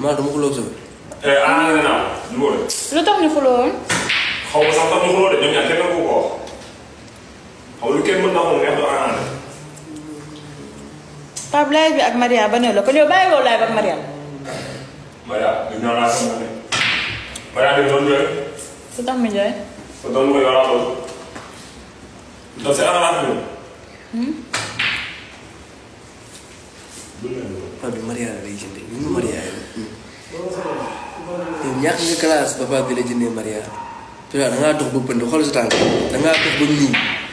maa dama xuloo ak sama. ah nee naa lu lu tax ñu xuloo xaw ma sax tax ñu de ñoom ñaar kenn ku ko xaw lu kenn mën naa ko neex du arrangé. Pape bi ak Maria ba ne ko ñëw bàyyi woo Laye ak Maria. Maria du ñu laa sama ne. Maria bi doon jooy. su tax mu jooy. su doon ko yoraa loolu. donc c'est arrangé. Pape bi Mariana lay jënde yu ñu Mariana la yow ñàkk nga classe ba Pape bi la jëndee Mariana da ngaa dox ba pënd xool sa tànk da ngaa dox ba